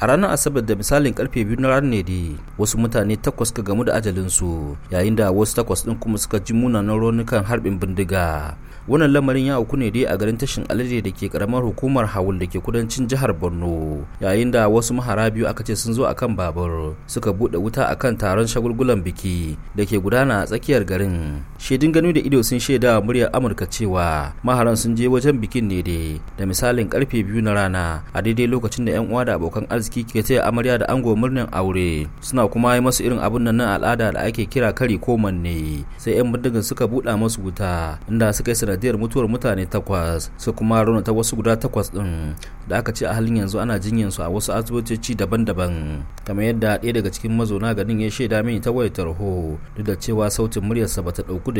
a ranar asabar da misalin karfe biyu na ranar ne dai wasu mutane takwas ka gamu da ajalinsu yayin da wasu takwas din kuma suka ji munanan raunukan harbin bindiga wannan lamarin ya auku ne dai a garin tashin alade da ke karamar hukumar hawul da ke kudancin jihar borno yayin da wasu mahara biyu aka ce sun zo akan babur suka buɗe wuta akan taron shagulgulan biki da ke gudana a tsakiyar garin shaidun gani da ido sun shaida muryar amurka cewa maharan sun je wajen bikin ne dai da misalin karfe biyu na rana a daidai lokacin da yan uwa da abokan arziki ke taya amarya da ango murnar aure suna kuma yi masu irin abun nan na al'ada da ake kira kari ko manne sai yan bindigan suka buɗa masu wuta inda suka yi sanadiyar mutuwar mutane takwas su kuma ta wasu guda takwas din da aka ce a halin yanzu ana jinyar su a wasu asibitoci daban-daban kamar yadda ɗaya daga cikin mazauna ganin ya shaida mini ta wayar tarho duk da cewa sautin muryarsa bata ɗauku da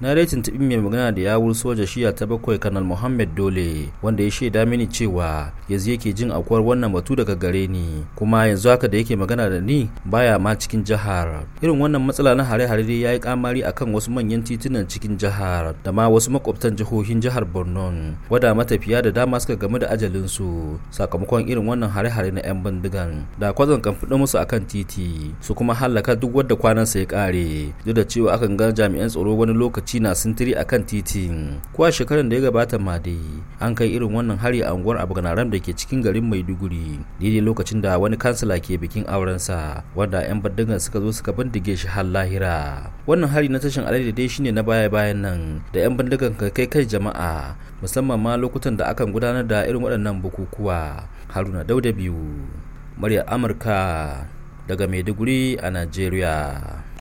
na dai tabi mai magana da yawun soja shiya ta bakwai kanal muhammad dole wanda ya shaida mini cewa yanzu yake jin aukuwar wannan batu daga gare ni kuma yanzu haka da yake magana da ni baya ma cikin jihar irin wannan matsala na hare-hare dai ya yi kamari akan wasu manyan titunan cikin jihar da ma wasu makwabtan jihohin jihar borno wada matafiya da dama suka game da ajalinsu sakamakon irin wannan hare-hare na 'yan bindigan da kwazon kan musu akan titi su kuma hallaka duk wadda kwanansa ya kare. duk da cewa akan ga jami'an tsaro wani lokaci motoci na sintiri a kan titin, ko a shekarar da ya gabata ma dai an kai irin wannan hari a unguwar abganaram da ke cikin garin maiduguri daidai lokacin da wani kansila ke bikin aurensa wanda 'yan baddigan suka zo suka bindige shi har lahira wannan hari na tashin alade dai shine na baya bayan nan da 'yan ka kai kai jama'a musamman ma lokutan da akan gudanar da irin waɗannan bukukuwa haruna dauda biyu murya amurka daga maiduguri a najeriya